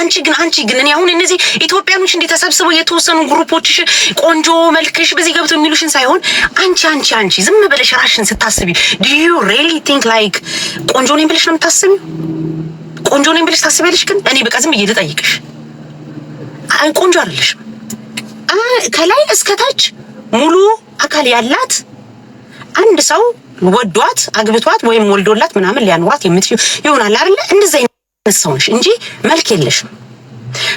አንቺ ግን አንቺ ግን እኔ አሁን እነዚህ ኢትዮጵያኖች እንዴ ተሰብስበው የተወሰኑ ግሩፖችሽ ቆንጆ መልክሽ በዚህ ገብቶ የሚሉሽን ሳይሆን አንቺ አንቺ አንቺ ዝም ብለሽ ራሽን ስታስቢ ዱ ዩ ሪሊ ቲንክ ላይክ ቆንጆ ነኝ ብለሽ ነው የምታስቢ ቆንጆ ነኝ ብለሽ ታስቢያለሽ? ግን እኔ በቃ ዝም ብዬ ልጠይቅሽ፣ ቆንጆ አይደለሽም። ከላይ እስከታች ሙሉ አካል ያላት አንድ ሰው ወዷት አግብቷት ወይም ወልዶላት ምናምን ሊያኖራት የምትችል ይሆናል አይደለ? እንደዚህ ሰው ነሽ እንጂ መልክ የለሽም።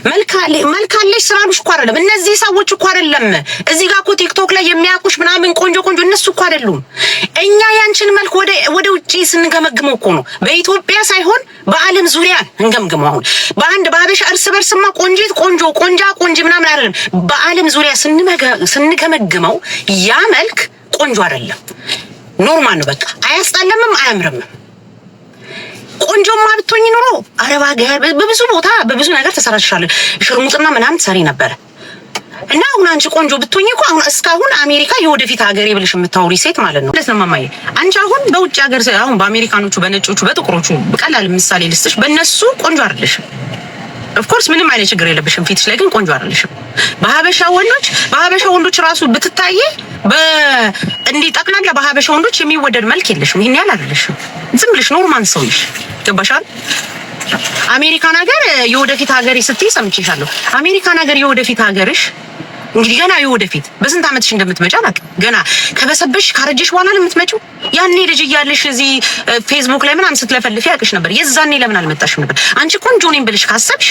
መልክ አለሽ ስላሉሽ እኮ አይደለም። እነዚህ ሰዎች እኮ አይደለም እዚህ ጋር እኮ ቲክቶክ ላይ የሚያውቁሽ ምናምን ቆንጆ ቆንጆ እነሱ እኮ አይደሉም። እኛ ያንቺን መልክ ወደ ወደ ውጪ ስንገመግመው እኮ ነው፣ በኢትዮጵያ ሳይሆን በዓለም ዙሪያ እንገምግመው። አሁን በአንድ በሀበሻ እርስ በርስማ ቆንጂት ቆንጆ ቆንጃ ቆንጂ ምናምን አይደለም። በዓለም ዙሪያ ስንገመግመው ያ መልክ ቆንጆ አይደለም። ኖርማል ነው፣ በቃ አያስጠለምም፣ አያምርምም። ቆንጆማ ብትሆኝ ኑሮ አረብ ሀገር በብዙ ቦታ በብዙ ነገር ተሰራችሻለሽ። ሽርሙጥና ምናምን ትሰሪ ነበር። እና አሁን አንቺ ቆንጆ ብትሆኝ እኮ አሁን እስካሁን አሜሪካ የወደፊት ሀገሬ ብለሽ የምታወሪ ሴት ማለት ነው። ለስነ ማማዬ አንቺ አሁን በውጭ ሀገር አሁን በአሜሪካኖቹ፣ በነጮቹ፣ በጥቁሮቹ ቀላል ምሳሌ ልስጥሽ፣ በእነሱ ቆንጆ አይደለሽም። ኦፍኮርስ ምንም አይነት ችግር የለብሽም። ፊትሽ ላይ ግን ቆንጆ አይደለሽም። በሀበሻ ወንዶች በሀበሻ ወንዶች ራሱ ብትታየ እንዲህ ጠቅላላ በሀበሻ ወንዶች የሚወደድ መልክ የለሽም። ይህን ያህል አይደለሽም። ዝም ብለሽ ኖርማል ሰው ነሽ። ገባሻል? አሜሪካን ሀገር የወደፊት ሀገር ስትይ ሰምቼሻለሁ። አሜሪካን ሀገር የወደፊት ሀገርሽ እንግዲህ ገና የወደፊት ወደፊት በስንት ዓመትሽ እንደምትመጪ አላውቅም። ገና ከበሰበሽ ካረጀሽ በኋላ ነው የምትመጪው። ያኔ ልጅ እያለሽ እዚህ ፌስቡክ ላይ ምናምን ስትለፈልፊ ያውቅሽ ነበር። የዛኔ ለምን አልመጣሽም ነበር? አንቺ ቆንጆ ነኝ ብለሽ ካሰብሽ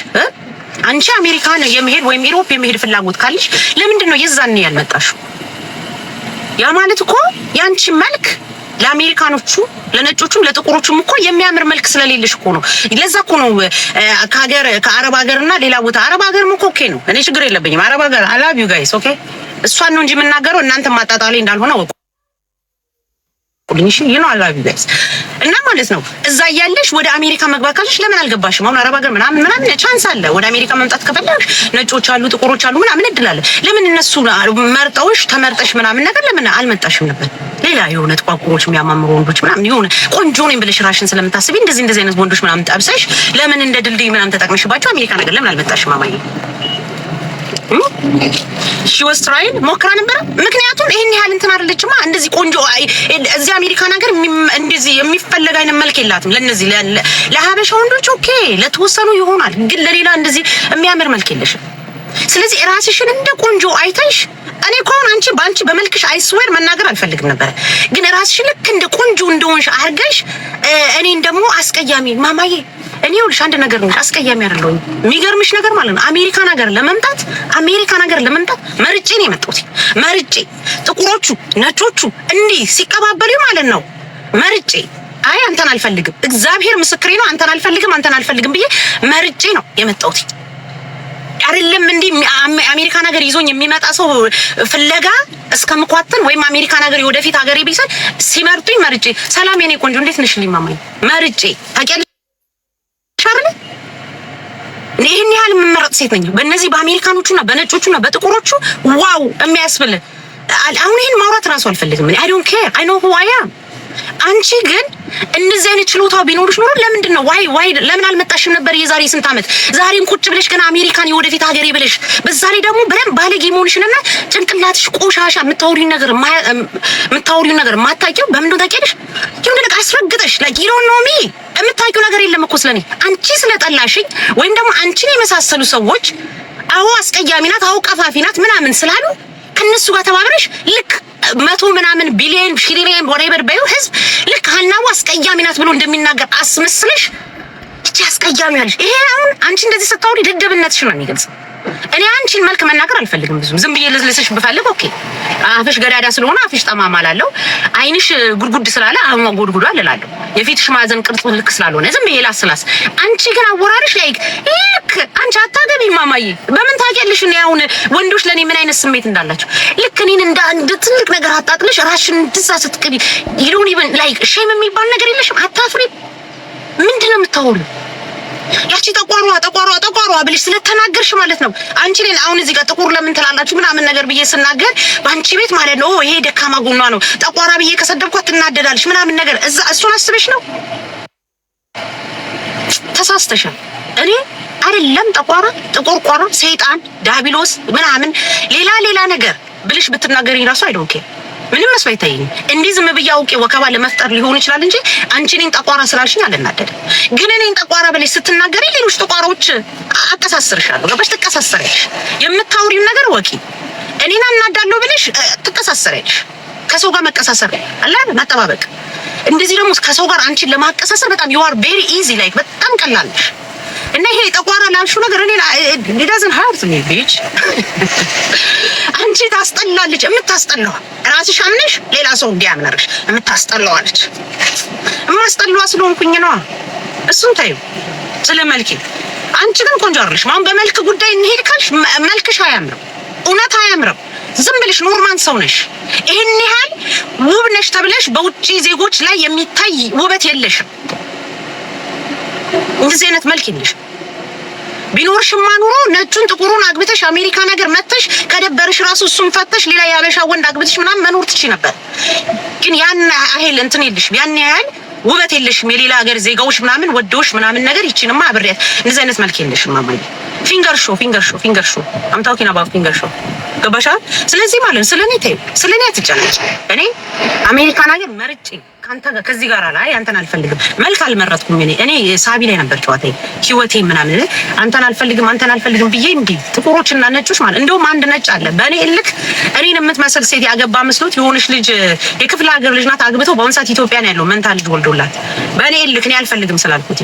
አንቺ አሜሪካን የመሄድ ወይም ኢሮፕ የመሄድ ፍላጎት ካለሽ ለምንድን ነው የዛኔ ያልመጣሽው? ያ ማለት እኮ ያንቺ መልክ ለአሜሪካኖቹ ለነጮቹም ለጥቁሮቹም እኮ የሚያምር መልክ ስለሌለሽ እኮ ነው። ለዛ እኮ ነው ከሀገር ከአረብ ሀገርና ሌላ ቦታ አረብ ሀገርም እኮ ኦኬ ነው። እኔ ችግር የለብኝም። አረብ ሀገር አላቢዩ ጋይስ ኦኬ። እሷን ነው እንጂ የምናገረው እናንተ ማጣጣሌ እንዳልሆነ ወቁ። ልሽ ዩ ነው አይ ላቭ ጋይስ እና ማለት ነው እዛ እያለሽ ወደ አሜሪካ መግባት ካለሽ ለምን አልገባሽም? አሁን አረብ ሀገር ምናምን ምናምን ቻንስ አለ። ወደ አሜሪካ መምጣት ከፈለግሽ ነጮች አሉ፣ ጥቁሮች አሉ፣ ምናምን እድል አለ። ለምን እነሱ መርጠውሽ ተመርጠሽ ምናምን ነገር ለምን አልመጣሽም ነበር? ሌላ የሆነ ጥቋቁሮች የሚያማምሩ ወንዶች ምናምን የሆነ ቆንጆ ነኝ ብለሽ ራሽን ስለምታስቢ እንደዚህ እንደዚህ አይነት ወንዶች ምናምን ጠብሰሽ ለምን እንደ ድልድይ ምናምን ተጠቅመሽባቸው አሜሪካ ነገር ለምን አልመጣሽም? አማዬ ትራይን ሞክራ ነበረ። ምክንያቱም ይሄን ያህል እንትን አይደለችማ። እንደዚህ ቆንጆ እዚህ አሜሪካን ሀገር እንደዚህ የሚፈለግ አይነት መልክ የላትም። ለነዚህ ለሀበሻ ወንዶች ኦኬ ለተወሰኑ ይሆናል፣ ግን ለሌላ እንደዚህ የሚያምር መልክ የለሽም። ስለዚህ ራስሽን እንደ ቆንጆ አይተሽ እኔ እኮ አሁን አንቺ በአንቺ በመልክሽ አይስዌር መናገር አልፈልግም ነበረ፣ ግን ራስሽን ልክ እንደ ቆንጆ እንደሆንሽ አድርገሽ እኔን ደግሞ አስቀያሚ ማማዬ እኔ ይኸውልሽ አንድ ነገር ነው፣ አስቀያሚ አይደለሁ። የሚገርምሽ ነገር ማለት ነው አሜሪካን ሀገር ለመምጣት አሜሪካን ሀገር ለመምጣት መርጬ ነው የመጣሁት። መርጬ ጥቁሮቹ፣ ነጮቹ እንዲህ ሲቀባበሉ ማለት ነው መርጬ አይ አንተን አልፈልግም፣ እግዚአብሔር ምስክሬ ነው። አንተን አልፈልግም፣ አንተን አልፈልግም ብዬ መርጬ ነው የመጣሁት። አይደለም እንዲህ አሜሪካን ሀገር ይዞኝ የሚመጣ ሰው ፍለጋ እስከምኳትን ወይም አሜሪካን ሀገር የወደፊት ሀገሬ ቢሰል ሲመርጡኝ መርጬ። ሰላም የኔ ቆንጆ እንዴት ነሽ? ሊማማኝ መርጬ ታውቂያለሽ። ይህን ያህል የምመረጥ ሴት ነኝ። በእነዚህ በአሜሪካኖቹና በነጮቹና በጥቁሮቹ ዋው የሚያስብል አሁን ይህን ማውራት እራሱ አልፈልግም። አይ ዶንት ኬር አይ ኖ ሁ አይ አም። አንቺ ግን እንደዚህ አይነት ችሎታ ቢኖርሽ ኖሮ ለምንድን ነው ዋይ ዋይ ለምን አልመጣሽም ነበር የዛሬ ስንት ዓመት? ዛሬም ቁጭ ብለሽ ገና አሜሪካን የወደፊት ሀገሬ ብለሽ በዛ ላይ ደግሞ በደንብ ባለጌ መሆንሽንና ጭንቅላትሽ ቆሻሻ የምታወሪውን ነገር የምታወሪውን ነገር የማታውቂው በምንድን ነው ታውቂያለሽ? ይሁን ልክ አስረግጠሽ ላይክ ዩ ዶንት ኖ ሚ የምታውቂው ነገር የለም እኮ ስለኔ። አንቺ ስለጠላሽኝ ወይም ደግሞ አንቺን የመሳሰሉ ሰዎች አዎ አስቀያሚ ናት፣ አዎ ቀፋፊ ናት ምናምን ስላሉ ከነሱ ጋር ተባብረሽ ልክ መቶ ምናምን ቢሊየን ሺሊየን ወሬበር በዩ ህዝብ ልክ ሀናቡ አስቀያሚ ናት ብሎ እንደሚናገር አስመስለሽ እቺ አስቀያሚ አለሽ። ይሄ አሁን አንቺ እንደዚህ ስታወሪ ደደብነትሽ ነው የሚገልጽ እኔ አንቺን መልክ መናገር አልፈልግም። ብዙም ዝም ብዬ ልስልስሽ ብፈልግ ኦኬ። አፍሽ ገዳዳ ስለሆነ አፍሽ ጠማማ ላለው፣ አይንሽ ጉድጉድ ስላለ አሁን ጎድጉዷል እላለሁ። የፊትሽ ማዘን ቅርጽ ልክ ስላልሆነ ዝም ብዬ ላስላስ። አንቺ ግን አወራርሽ ላይክ ልክ አንቺ አታገቢ ማማዬ። በምን ታውቂያለሽ? እኔ አሁን ወንዶች ለእኔ ምን አይነት ስሜት እንዳላቸው ልክ እኔን እንደ አንድ ትልቅ ነገር አጣጥለሽ ራሽን ድዛ ስትቅቢ ይሉን ይብን ላይክ ሼም የሚባል ነገር የለሽም። አታፍሪ ምንድነው የምታወሪው? ያቺ ጠቋሯ ጠቋሯ ጠቋሯ ብልሽ ስለተናገርሽ ማለት ነው። አንቺ ሌላ አሁን እዚህ ጋር ጥቁር ለምን ትላላችሁ ምናምን ነገር ብዬ ስናገር በአንቺ ቤት ማለት ነው ይሄ ደካማ ጎኗ ነው። ጠቋራ ብዬ ከሰደብኳት ትናደዳለች ምናምን ነገር እዛ እሱን አስበሽ ነው። ተሳስተሻል። እኔ አይደለም ጠቋራ፣ ጥቁር ቋራ፣ ሰይጣን፣ ዳቢሎስ ምናምን ሌላ ሌላ ነገር ብልሽ ብትናገሪ ራሱ አይዶንኬ ምንም መስሎ አይታየኝም። እንዲህ ዝም ብዬ አውቄ ወከባ ለመፍጠር ሊሆን ይችላል እንጂ አንቺ እኔን ጠቋራ ስላልሽኝ አልናደድም። ግን እኔን ጠቋራ ብለሽ ስትናገሪ ሌሎች ጠቋራዎች አቀሳስርሻለሁ። ገባሽ? ትቀሳሰሪያለሽ። የምታውሪው ነገር ወቂ። እኔን አናዳለሁ ብለሽ ትቀሳሰሪያለሽ። ከሰው ጋር መቀሳሰር አለ መጠባበቅ። እንደዚህ ደግሞ ከሰው ጋር አንቺን ለማቀሳሰር በጣም ዩ አር ቬሪ ኢዚ ላይክ በጣም ቀላል ነሽ። እና ይሄ ጠቋራ ላልሹ ነገር እኔ ሊዳዝን ሀርት ሚ ቢች አንቺ ታስጠላለች። የምታስጠላው ራስሽ አምነሽ ሌላ ሰው እንዲያምን አድርግሽ የምታስጠላዋለች። የማስጠላዋ ስለሆንኩኝ ነዋ። እሱን ታዩ ስለ መልኬ። አንቺ ግን ቆንጆ አይደለሽ። አሁን በመልክ ጉዳይ እንሄድ ካልሽ መልክሽ አያምርም፣ እውነት አያምርም። ዝም ብለሽ ኖርማል ሰው ነሽ። ይህን ያህል ውብ ነሽ ተብለሽ በውጭ ዜጎች ላይ የሚታይ ውበት የለሽም። እንደዚህ አይነት መልክ የለሽም። ቢኖርሽማ ኑሮ ነጩን ጥቁሩን አግብተሽ አሜሪካ ነገር መጥተሽ ከደበርሽ ራሱ እሱን ፈተሽ ሌላ ያበሻ ወንድ አግብተሽ ምናምን መኖር ትችይ ነበር። ግን ያን አሄል እንትን የለሽም፣ ያን ያህል ውበት የለሽም። የሌላ ሀገር ዜጋዎች ምናምን ወደውሽ ምናምን ነገር ይችንማ አብሬያት እንደዚህ አይነት መልክ የለሽም። ማማዬ ፊንገር ሾ ፊንገር ሾ ፊንገር ሾ አምታውኪና ባብ ፊንገር ሾ ገባሻ? ስለዚህ ማለት ስለኔ ተይ፣ ስለኔ አትጨነቂ። እኔ አሜሪካን ሀገር መርጬ ከአንተ ከዚህ ጋር አላ አንተን አልፈልግም። መልክ አልመረጥኩም። እኔ እኔ ሳቢ ላይ ነበር ጨዋታ ህይወቴ ምናምን አንተን አልፈልግም አንተን አልፈልግም ብዬ እንዲ ጥቁሮች እና ነጮች ማለት እንደውም አንድ ነጭ አለ በእኔ እልክ እኔን የምትመስል ሴት ያገባ መስሎት የሆነች ልጅ የክፍለ ሀገር ልጅ ናት አግብተው በአሁኑ ሰዓት ኢትዮጵያ ነው ያለው መንታ ልጅ ወልዶላት በእኔ እልክ እኔ አልፈልግም ስላልኩት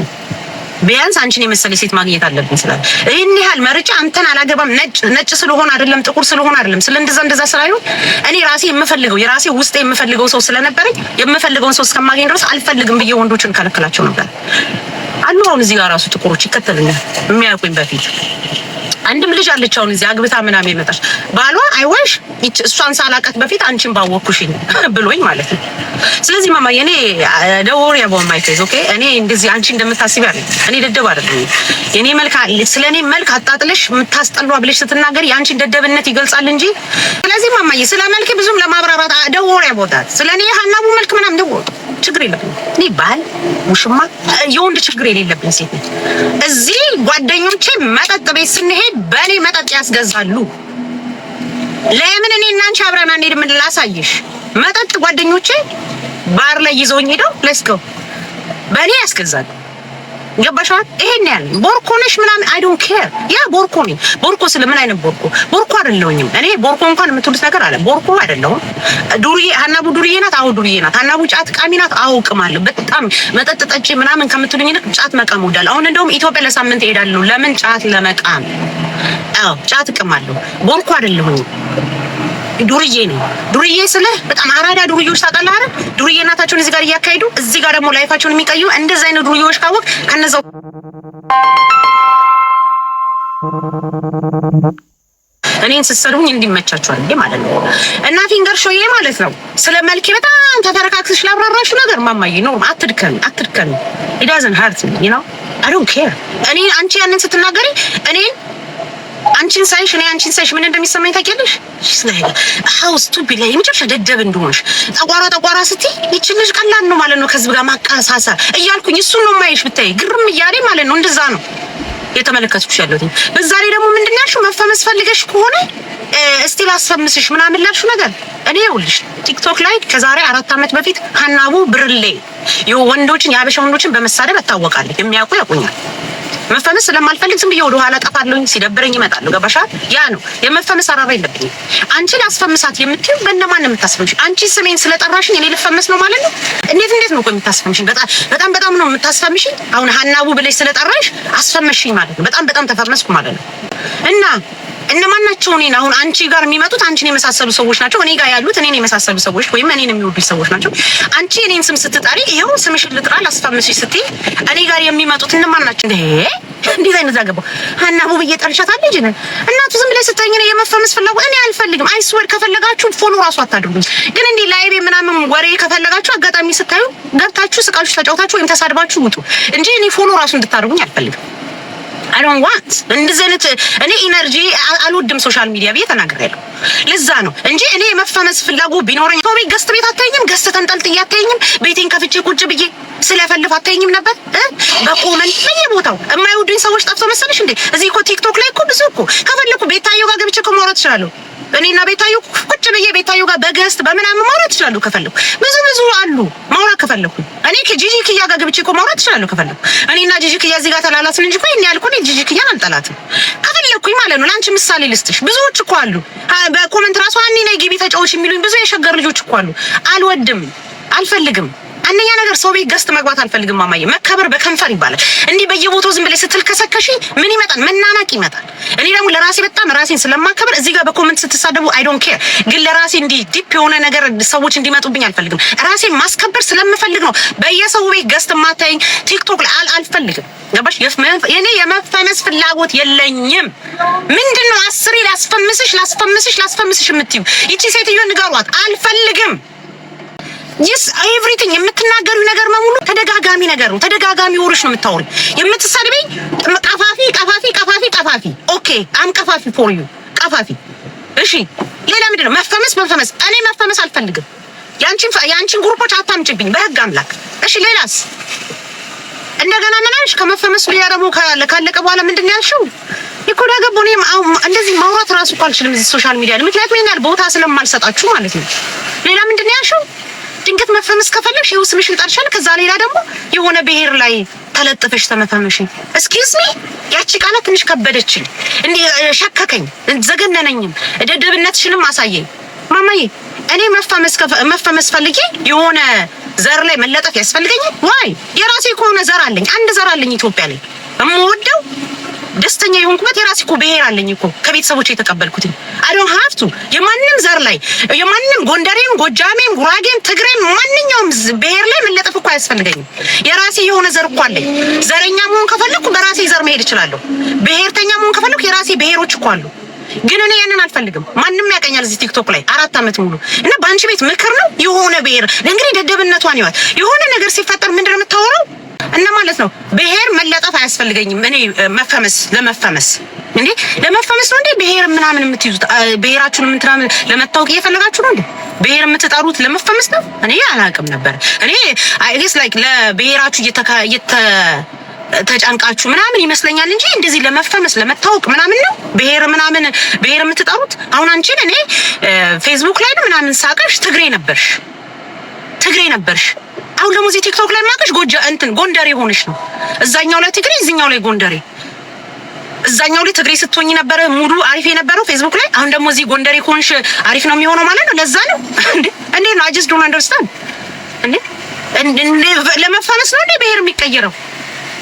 ቢያንስ አንቺን የመሰለ ሴት ማግኘት አለብን ስላለ ይህን ያህል መርጫ አንተን አላገባም ነጭ ነጭ ስለሆነ አይደለም ጥቁር ስለሆነ አይደለም ስለ እንደዛ እንደዛ ስላይሆን እኔ ራሴ የምፈልገው የራሴ ውስጤ የምፈልገው ሰው ስለነበረኝ የምፈልገውን ሰው እስከማገኝ ድረስ አልፈልግም ብዬ ወንዶችን ከለከላቸው ነበር። አሉ አሁን እዚህ ጋር ራሱ ጥቁሮች ይከተሉኛል የሚያውቁኝ በፊት አንድም ልጅ አለች አሁን እዚህ አግብታ ምናምን የመጣች ባሏ አይወሽ እሷን ሳላቀት በፊት አንቺን ባወኩሽኝ ብሎኝ ማለት ነው። ስለዚህ ማማ የኔ ደወር ያቦ ማይከዝ ኦኬ። እኔ እንደዚህ አንቺ እንደምታስቢ አለ እኔ ደደብ አይደለም። የኔ መልክ ስለ እኔ መልክ አጣጥለሽ የምታስጠሏ ብለሽ ስትናገሪ የአንቺን ደደብነት ይገልጻል እንጂ ስለዚህ ማማዬ ስለ መልክ ብዙም ለማብራራት ደወር ያቦታት ስለኔ ሀናቡ መልክ ምናምን ደወር ችግር የለብኝ። እኔ ባል ውሽማ የወንድ ችግር የሌለብኝ ሴት ነኝ። እዚህ ጓደኞቼ መጠጥ ቤት ስንሄድ በኔ መጠጥ ያስገዛሉ። ለምን እኔ እናንቺ አንቺ አብረን አንሄድም? ላሳይሽ። መጠጥ ጓደኞቼ ባር ላይ ይዘውኝ ሄደው ለስከው በኔ ያስገዛሉ። ገባሻል? ይሄን ያለ ቦርኮ ነሽ ምናምን አይ ዶንት ኬር። ያ ቦርኮ ነኝ። ቦርኮ ስለምን አይነት ቦርኮ ቦርኮ አይደለሁኝም እኔ። ቦርኮ እንኳን የምትሉት ነገር አለ። ቦርኮ አይደለሁም። ዱርዬ ሀናቡ ዱርዬ ናት። አዎ ዱርዬ ናት። ሀናቡ ጫት ቃሚ ናት። አዎ እቅማለሁ። በጣም መጠጥ ጠጪ ምናምን ከምትሉኝ ይልቅ ጫት መቃም እወዳለሁ። አሁን እንደውም ኢትዮጵያ ለሳምንት እሄዳለሁ። ለምን ጫት ለመቃም። አዎ ጫት እቅማለሁ። ቦርኮ አይደለሁኝም። ዱርዬ ነኝ። ዱርዬ ስልህ በጣም አራዳ ዱርዬዎች ታውቃለህ አይደል? ዱርዬ እናታቸውን እዚህ ጋር እያካሄዱ እዚህ ጋር ደግሞ ላይፋቸውን የሚቀዩ እንደዚ አይነት ዱርዬዎች ካወቅ ከነዛው እኔን ስትሰድቡኝ እንዲመቻቸዋል እንዴ ማለት ነው። እና ፊንገር ሾዬ ማለት ነው ስለ መልኬ በጣም ተተረካክስሽ ላብራራሹ ነገር ማማዬ ነው። አትድከኝ፣ አትድከኝ። ኢዳዝን ሀርት ነው። አይ ዶንት ኬር እኔ አንቺ ያንን ስትናገሪ እኔን አንቺን ሳይሽ እኔ አንቺን ሳይሽ ምን እንደሚሰማኝ ታውቂያለሽ? ሀው ስቱፒድ ላይ የመጨረሻ ደደብ እንደሆንሽ ጠቋራ ጠቋራ ስትይ ይችልሽ ልጅ ቀላል ነው ማለት ነው ከህዝብ ጋር ማቀሳሰር እያልኩኝ እሱን ነው የማይሽ ብታይ ግርም እያለኝ ማለት ነው። እንደዛ ነው የተመለከትኩሽ ያለሁት። በዛ ላይ ደግሞ ምንድን ነው ያልሽው? መፈመስ ፈልገሽ ከሆነ እስቲ ላስፈምስሽ ምናምን ላልሽው ነገር እኔ ይኸውልሽ ቲክቶክ ላይ ከዛሬ አራት ዓመት በፊት ሀናቡ ብርሌ የወንዶችን የአበሻ ወንዶችን በመሳደብ እታወቃለሁ። የሚያውቁ ያውቁኛል። መፈመስ ስለማልፈልግ ዝም ብዬ ወደ ኋላ ጠፋለሁኝ። ሲደብረኝ ይመጣሉ። ገባሻ? ያ ነው የመፈመስ አራራ የለብኝ። አንቺ ላስፈምሳት የምትዩ በእነማን ነው የምታስፈምሽ? አንቺ ስሜን ስለጠራሽኝ እኔ ልፈመስ ነው ማለት ነው? እንዴት እንዴት ነው የምታስፈምሽኝ? በጣም በጣም ነው የምታስፈምሽ። አሁን ሀናቡ ብለሽ ስለጠራሽ አስፈመሽኝ ማለት ነው። በጣም በጣም ተፈመስኩ ማለት ነው እና እነማን ናቸው? እኔን አሁን አንቺ ጋር የሚመጡት አንቺን የመሳሰሉ ሰዎች ናቸው። እኔ ጋር ያሉት እኔን የመሳሰሉ ሰዎች ወይም እኔን የሚወዱ ሰዎች ናቸው። አንቺ እኔን ስም ስትጠሪ ይኸው ስምሽን ልጥራ ላስታምስሽ ስትይ እኔ ጋር የሚመጡት እነማን ናቸው? እንዴ እንዴት አይነት አገባሁ ሀና ቡ ብዬ ጠርሻታለሁ። ልጅ ነን እናቱ ዝም ብለህ ስታኝ ነው የመፈመስ ፍላጎት እኔ አልፈልግም። አይስወድ ከፈለጋችሁ ፎሎ ራሱ አታድርጉኝ። ግን እንዲህ ላይቤ ምናምን ወሬ ከፈለጋችሁ አጋጣሚ ስታዩ ገብታችሁ ስቃችሁ ተጫውታችሁ ወይም ተሳድባችሁ ውጡ እንጂ እኔ ፎሎ ራሱ እንድታደርጉኝ አልፈልግም። አይዶን ዋንት እንደዚህ አይነት እኔ ኢነርጂ አልወድም። ሶሻል ሚዲያ ብዬ ተናግሬያለሁ። ለዛ ነው እንጂ እኔ የመፈመስ ፍላጎት ቢኖረኝ ቶሚ ገስት ቤት አታየኝም፣ ገስት ተንጠልጥዬ አታየኝም፣ ቤቴን ከፍቼ ቁጭ ብዬ ስለፈልፍ አታየኝም ነበር። በቆመን በየቦታው የማይወዱኝ ሰዎች ጠፍተው መሰለሽ እንዴ? እዚህ እኮ ቲክቶክ ላይ እኮ ብዙ እኮ ከፈለኩ ቤታዮ ጋር ገብቼ እኮ ማውራት እችላለሁ። እኔና ቤታዮ ቁጭ ብዬ ቤታዮ ጋር በገስት በምናምን ማውራት እችላለሁ ከፈለኩ። ብዙ ብዙ አሉ ማውራት ከፈለኩ። እኔ ከጂጂ ክያ ጋር ገብቼ እኮ ማውራት እችላለሁ ከፈለኩ። እኔና ጂጂ ክያ እዚህ ጋር ተላላስን እንጂ እኮ ይሄን ያልኩ እኔ ጂጂ ኪያን አልጠላትም። ከፈለኩኝ ማለት ነው። ለአንቺ ምሳሌ ልስጥሽ። ብዙዎች እኮ አሉ በኮመንት ራሱ አኒ ነይ ግቢ ተጫወች የሚሉኝ ብዙ የሸገር ልጆች እኮ አሉ። አልወድም፣ አልፈልግም አንደኛ ነገር ሰው ቤት ገስት መግባት አልፈልግም። ማማዬ መከበር በከንፈር ይባላል። እንዲህ በየቦታው ዝም ብለሽ ስትልከሰከሺ ምን ይመጣል? መናናቅ ይመጣል። እኔ ደግሞ ለራሴ በጣም ራሴን ስለማከበር እዚህ ጋር በኮመንት ስትሳደቡ አይ ዶንት ኬር፣ ግን ለራሴ እንዲህ ዲፕ የሆነ ነገር ሰዎች እንዲመጡብኝ አልፈልግም። ራሴን ማስከበር ስለምፈልግ ነው በየሰው ቤት ገስት ማታይኝ። ቲክቶክ ላይ አልፈልግም። ገባሽ? የኔ የመፈመስ ፍላጎት የለኝም። ምንድነው አስሬ ላስፈምስሽ ላስፈምስሽ ላስፈምስሽ የምትዩ ይቺ ሴትዮ ንገሯት፣ አልፈልግም ይስ ኤቭሪቲንግ የምትናገሩ ነገር መሙሉ ተደጋጋሚ ነገር ነው። ተደጋጋሚ ወሮች ነው የምታወሪ። የምትሰድበኝ ቀፋፊ ቀፋፊ ቀፋፊ ቀፋፊ። ኦኬ አም ቀፋፊ ፎር ዩ ቀፋፊ። እሺ ሌላ ምንድነው? መፈመስ መፈመስ። እኔ መፈመስ አልፈልግም። ያንቺን ያንቺን ግሩፖች አታምጭብኝ በህግ አምላክ። እሺ ሌላስ? እንደገና ምን አልሽ? ከመፈመስ ሌላ ደግሞ ካለቀ በኋላ ምንድን ያልሽው? ይኮዳ ገቦ እንደዚህ ማውራት ራሱ እኮ አልችልም እዚህ ሶሻል ሚዲያ፣ ምክንያቱም ይሄን ያህል ቦታ ስለማልሰጣችሁ ማለት ነው። ሌላ ምንድን ያልሽው? ድንገት መፈመስ ከፈለግሽ ይኸው ስምሽን ጠርሻል። ከዛ ሌላ ደግሞ የሆነ ብሔር ላይ ተለጥፈሽ ተመፈመሽ። ኤክስኪውዝ ሚ ያቺ ቃላት ትንሽ ከበደችኝ፣ እንዲህ ሸከከኝ፣ ዘገነነኝም ደደብነትሽንም አሳየኝ። ማማዬ እኔ መፈመስ ፈልጌ የሆነ ዘር ላይ መለጠፍ ያስፈልገኝ? ዋይ የራሴ ከሆነ ዘር አለኝ፣ አንድ ዘር አለኝ ኢትዮጵያ ላይ የምወደው ደስተኛ የሆንኩበት የራሴ እኮ ብሄር አለኝ እኮ ከቤተሰቦች የተቀበልኩት አዶን ሀብቱ የማንም ዘር ላይ የማንም ጎንደሬም፣ ጎጃሜም፣ ጉራጌም፣ ትግሬም ማንኛውም ብሄር ላይ መለጠፍ እኮ አያስፈልገኝም። የራሴ የሆነ ዘር እኮ አለኝ። ዘረኛ መሆን ከፈለኩ በራሴ ዘር መሄድ እችላለሁ። ብሄርተኛ መሆን ከፈለኩ የራሴ ብሄሮች እኮ አሉ። ግን እኔ ያንን አልፈልግም። ማንም ያቀኛል እዚህ ቲክቶክ ላይ አራት ዓመት ሙሉ እና በአንቺ ቤት ምክር ነው የሆነ ብሄር እንግዲህ ደደብነቷን ይዋል የሆነ ነገር ሲፈጠር ምንድን ነው የምታወራው? እና ማለት ነው ብሔር መለጠፍ አያስፈልገኝም። እኔ መፈመስ ለመፈመስ እንዴ ለመፈመስ ነው እንዴ ብሔር ምናምን የምትይዙት ብሔራችሁን ምናምን ለመታወቅ እየፈለጋችሁ ነው እንዴ ብሔር የምትጠሩት ለመፈመስ ነው? እኔ አላውቅም ነበር። እኔ አይ ጌስ ላይክ ለብሔራችሁ ተጫንቃችሁ ምናምን ይመስለኛል እንጂ እንደዚህ ለመፈመስ ለመታወቅ ምናምን ነው ብሔር ምናምን ብሔር የምትጠሩት። አሁን አንቺን እኔ ፌስቡክ ላይ ምናምን ሳቀሽ ትግሬ ነበርሽ ትግሬ ነበርሽ አሁን ደግሞ እዚህ ቲክቶክ ላይ ማቀሽ ጎጃ እንትን ጎንደሬ ሆነሽ ነው። እዛኛው ላይ ትግሬ፣ እዚኛው ላይ ጎንደሬ። እዛኛው ላይ ትግሬ ስትሆኝ ነበረ ሙሉ አሪፍ የነበረው ፌስቡክ ላይ። አሁን ደግሞ እዚህ ጎንደሬ ሆንሽ አሪፍ ነው የሚሆነው ማለት ነው። ለዛ ነው እንዴ? እንዴ ነው አጀስ ዶንት አንደርስታንድ እንዴ? ለመፋለስ ነው እንዴ ብሄር የሚቀየረው?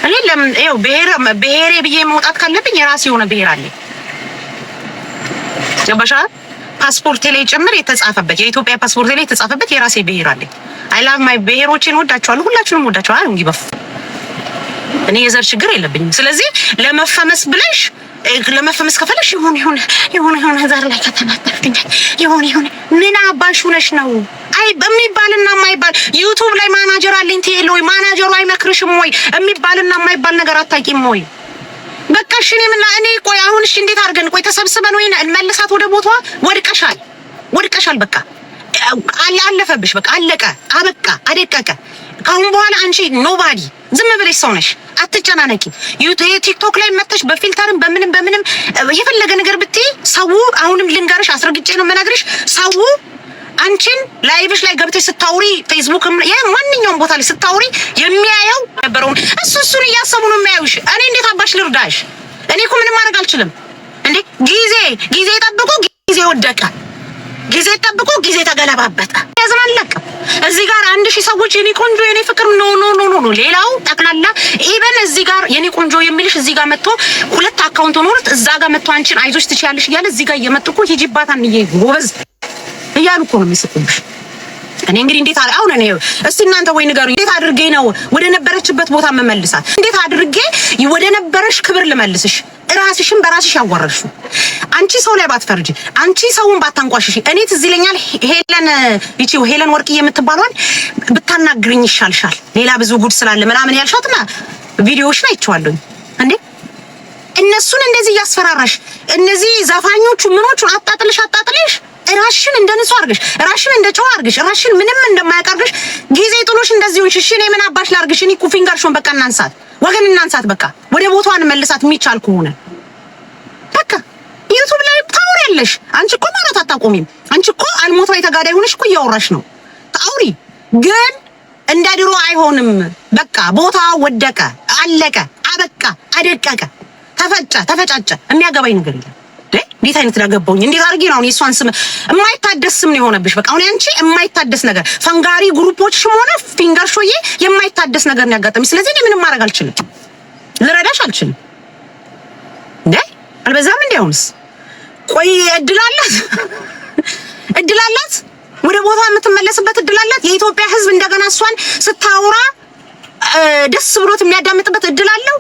እኔ ለምን ይኸው ብሄር ብሄሬ ብዬ መውጣት ካለብኝ የራሴ የሆነ ብሄር አለ። ገባሽ? ፓስፖርቴ ላይ ጭምር የተጻፈበት የኢትዮጵያ ፓስፖርቴ ላይ የተጻፈበት የራሴ ብሄር አለኝ። አይ ማይ ብሔሮቼን ወዳቸዋለሁ፣ ሁላችሁንም ወዳቸዋለሁ። አንጊ በፍ እኔ የዘር ችግር የለብኝም። ስለዚህ ለመፈመስ ብለሽ ለመፈመስ ከፈለሽ ይሁን ይሁን ይሁን ይሁን ዘር ላይ ከተናጠፍኛል ይሁን ይሁን ምን አባሽ ሁነሽ ነው? አይ በሚባልና የማይባል ዩቲዩብ ላይ ማናጀር አለኝ ትይል ወይ ማናጀሩ አይመክርሽም ወይ የሚባልና የማይባል ነገር አታውቂም ወይ? በቃ እሺ እኔ ምን እኔ ቆይ አሁን እሺ እንዴት አድርገን ቆይ ተሰብስበን ወይ መልሳት ወደ ቦታዋ ወድቀሻል፣ ወድቀሻል በቃ አለፈብሽ። በቃ አለቀ፣ አበቃ፣ አደቀቀ። ከአሁን በኋላ አንቺ ኖባዲ ዝም ብለሽ ሰው ነሽ። አትጨናነቂ። ቲክቶክ ላይ መተሽ በፊልተርም በምንም በምንም የፈለገ ነገር ብትይ ሰው አሁንም ልንገርሽ፣ አስረግጬ ነው የምነግርሽ ሰው አንቺን ላይቭሽ ላይ ገብተሽ ስታውሪ ፌስቡክ ማንኛውም ቦታ ላይ ስታውሪ የሚያየው ነበረውን እሱ እሱን እያሰቡ ነው የሚያዩሽ። እኔ እንዴት አባሽ ልርዳሽ? እኔ እኮ ምንም ማድረግ አልችልም። እንዴ ጊዜ ጊዜ ጠብቁ፣ ጊዜ ወደቀ። ጊዜ ጠብቆ ጊዜ ተገለባበጠ። ያዝን እዚህ ጋር አንድ ሺህ ሰዎች የኔ ቆንጆ የኔ ፍቅር ኖ ኖ ኖ ኖ፣ ሌላው ጠቅላላ ኢቨን እዚህ ጋር የኔ ቆንጆ የሚልሽ እዚህ ጋር መጥቶ ሁለት አካውንት ሆኖ እዛ ጋር መጥቶ አንቺን አይዞሽ ትችያለሽ እያለ እዚህ ጋር እየመጡ እኮ ሂጂባት አንዬ ጎበዝ እያሉ እኮ ነው የሚስቁብሽ። እኔ እንግዲህ እንዴት አሁን እኔ እስቲ እናንተ ወይ ንገሩ፣ እንዴት አድርጌ ነው ወደ ነበረችበት ቦታ መመልሳት? እንዴት አድርጌ ወደ ነበረሽ ክብር ልመልስሽ? ራስሽን በራስሽ ያዋረድሽ። አንቺ ሰው ላይ ባትፈርጂ፣ አንቺ ሰውን ባታንቋሽሽ። እኔ ትዝ ይለኛል ሄለን ይቺ ሄለን ወርቅዬ የምትባለዋል ብታናግርኝ ይሻልሻል፣ ሌላ ብዙ ጉድ ስላለ ምናምን ያልሻትና ቪዲዮዎችን አይቼዋለሁኝ እንዴ እነሱን እንደዚህ እያስፈራራሽ እነዚህ ዘፋኞቹ ምኖቹን አጣጥልሽ አጣጥልሽ ራሽን እንደ ንጹህ አድርገሽ ራሽን እንደ ጨዋ አድርገሽ ራሽን ምንም እንደማያቀርግሽ ጊዜ ጥሎሽ እንደዚህ ሆንሽ። እሺ እኔ ምን አባሽ ላድርግሽ? እኔ እኮ ፊንገርሽን በቃ እናንሳት፣ ወገን እናንሳት፣ በቃ ወደ ቦታዋን መልሳት የሚቻል ከሆነ በቃ ዩቱብ ላይ ታውሪያለሽ። አንቺ እኮ ማለት አታቆሚም። አንቺ እኮ አልሞት ላይ ተጋዳይ ሆነሽ እኮ እያወራሽ ነው። ታውሪ ግን እንደ ድሮ አይሆንም። በቃ ቦታ ወደቀ፣ አለቀ፣ አበቃ፣ አደቀቀ፣ ተፈጨ፣ ተፈጫጨ። የሚያገባኝ ነገር የለም። እንዴት አይነት ዳገባውኝ እንዴት አድርጌ ነው አሁን የእሷን ስም የማይታደስ ስም ነው የሆነብሽ። በቃ አሁን አንቺ የማይታደስ ነገር ፈንጋሪ ግሩፖችሽም ሆነ ፊንገር ሾዬ የማይታደስ ነገር ነው ያጋጠመሽ። ስለዚህ እኔ ምንም ማድረግ አልችልም፣ ልረዳሽ አልችልም። እንዴ አልበዛም? እንዴ አሁንስ ቆይ እድላላት እድላላት ወደ ቦታ የምትመለስበት እድላላት አላት። የኢትዮጵያ ሕዝብ እንደገና እሷን ስታወራ ደስ ብሎት የሚያዳምጥበት እድል አለው።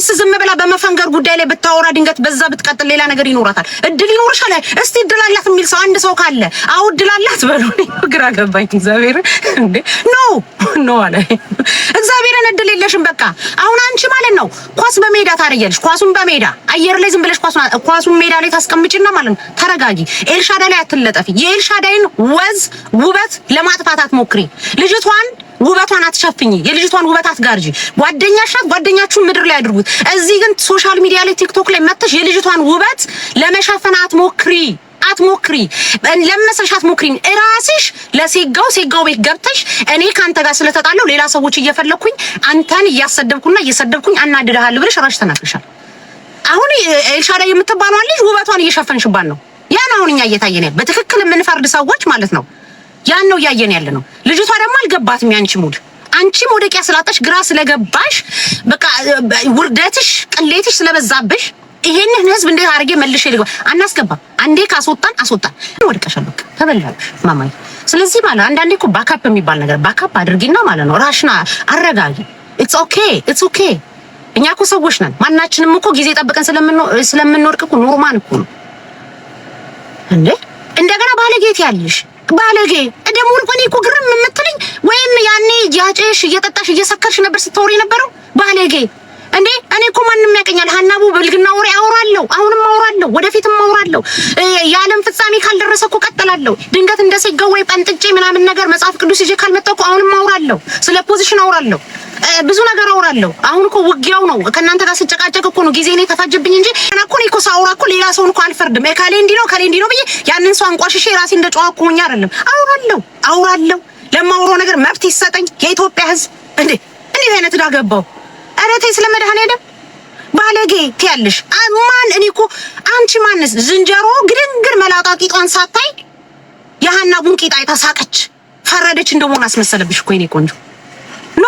ወይስ ዝም ብላ በመፈንገር ጉዳይ ላይ ብታወራ ድንገት በዛ ብትቀጥል ሌላ ነገር ይኖራታል? እድል ይኖርሻል። እስቲ እድል አላት የሚል ሰው አንድ ሰው ካለ አው እድል አላት በሉ። ግራ ገባኝ። እግዚአብሔር እንዴ ኖ ኖ አለ እግዚአብሔርን እድል የለሽም። በቃ አሁን አንቺ ማለት ነው ኳስ በሜዳ ታረያለሽ። ኳሱን በሜዳ አየር ላይ ዝም ብለሽ ኳሱን ሜዳ ላይ ታስቀምጪና ማለት ነው ተረጋጊ። ኤልሻዳ ላይ አትለጠፊ። የኤልሻዳይን ወዝ ውበት ለማጥፋት አትሞክሪ ልጅቷን ውበቷን አትሸፍኝ፣ የልጅቷን ውበት አትጋርጂ። ጓደኛሽ ናት፣ ጓደኛችሁን ምድር ላይ አድርጉት። እዚህ ግን ሶሻል ሚዲያ ላይ ቲክቶክ ላይ መጥተሽ የልጅቷን ውበት ለመሸፈን አትሞክሪ አትሞክሪ ለመሰልሽ አትሞክሪ። እራስሽ ለሴጋው ሴጋው ቤት ገብተሽ እኔ ከአንተ ጋር ስለተጣለው ሌላ ሰዎች እየፈለኩኝ አንተን እያሰደብኩና እየሰደብኩኝ አናድድሃለሁ ብለሽ ራስሽ ተናግረሻል። አሁን ኤልሻዳይ የምትባለዋን ልጅ ውበቷን እየሸፈንሽባት ነው። ያን አሁን እኛ እየታየን በትክክል የምንፈርድ ሰዎች ማለት ነው። ያን ነው እያየን ያለ ነው። ልጅቷ ደግሞ አልገባትም ያንቺ ሙድ አንቺ መውደቂያ ስላጣሽ ግራ ስለገባሽ በቃ ውርደትሽ፣ ቅሌትሽ ስለበዛብሽ ይሄንን ህዝብ እንዴት አድርጌ መልሼ ልግባ? አናስገባም። አንዴ ካስወጣን አስወጣን። ወድቀሻል፣ በቃ ተበላሽ ማማይ። ስለዚህ ማለት አንዳንዴ እኮ ባካፕ የሚባል ነገር ባካፕ አድርጊና ማለት ነው ራሽና አረጋጊ። ኢትስ ኦኬ ኢትስ ኦኬ። እኛ እኮ ሰዎች ነን። ማናችንም እኮ ጊዜ ጠብቀን ስለምንወድቅ እኮ ኖርማል እኮ ነው እንዴ። እንደገና ባለጌት ያልሽ ባለጌ ደግሞ እኔ እኮ ግርም የምትለኝ ወይም ያኔ ያጨሽ እየጠጣሽ እየሰከርሽ ነበር ስትወሪ ነበረው። ባለጌ እንዴ! እኔ እኮ ማንም ያቀኛል። ሀናቡ በልግና ወሬ አውራለሁ አሁንም አውራለሁ ወደፊትም አውራለሁ የዓለም ፍጻሜ ካልደረሰ እኮ ቀጥላለሁ። ድንገት እንደሰገው ወይ ጠንጥጬ ምናምን ነገር መጽሐፍ ቅዱስ ይዤ ካልመጣሁ እኮ አሁንም አውራለሁ ስለ ፖዚሽን አውራለሁ ብዙ ነገር አውራለሁ። አሁን እኮ ውጊያው ነው። ከእናንተ ጋር ስጨቃጨቅ እኮ ነው ጊዜ እኔ ተፈጅብኝ እንጂ እኮ እኔ እኮ ሳውራ እኮ ሌላ ሰውን እኮ አልፈርድም። ካሌ እንዲህ ነው ካሌ እንዲህ ነው ብዬ ያንን ሰው አንቋሽሼ ራሴ እንደ ጨዋ እኮ ሆኜ አይደለም። አውራለሁ አውራለሁ። ለማውራው ነገር መብት ይሰጠኝ የኢትዮጵያ ሕዝብ እንዴ እንዴት አይነት ዕዳ ገባው? ኧረ ተይ ስለ መድኃኒዓለም ባለጌ ትያለሽ። ማን እኔ እኮ አንቺ ማንስ ዝንጀሮ ግድንግር መላጣ ቂጧን ሳታይ የሀናቡን ቡንቂጣ የተሳቀች ፈረደች እንደመሆን አስመሰለብሽ እኮ የኔ ቆንጆ ኖ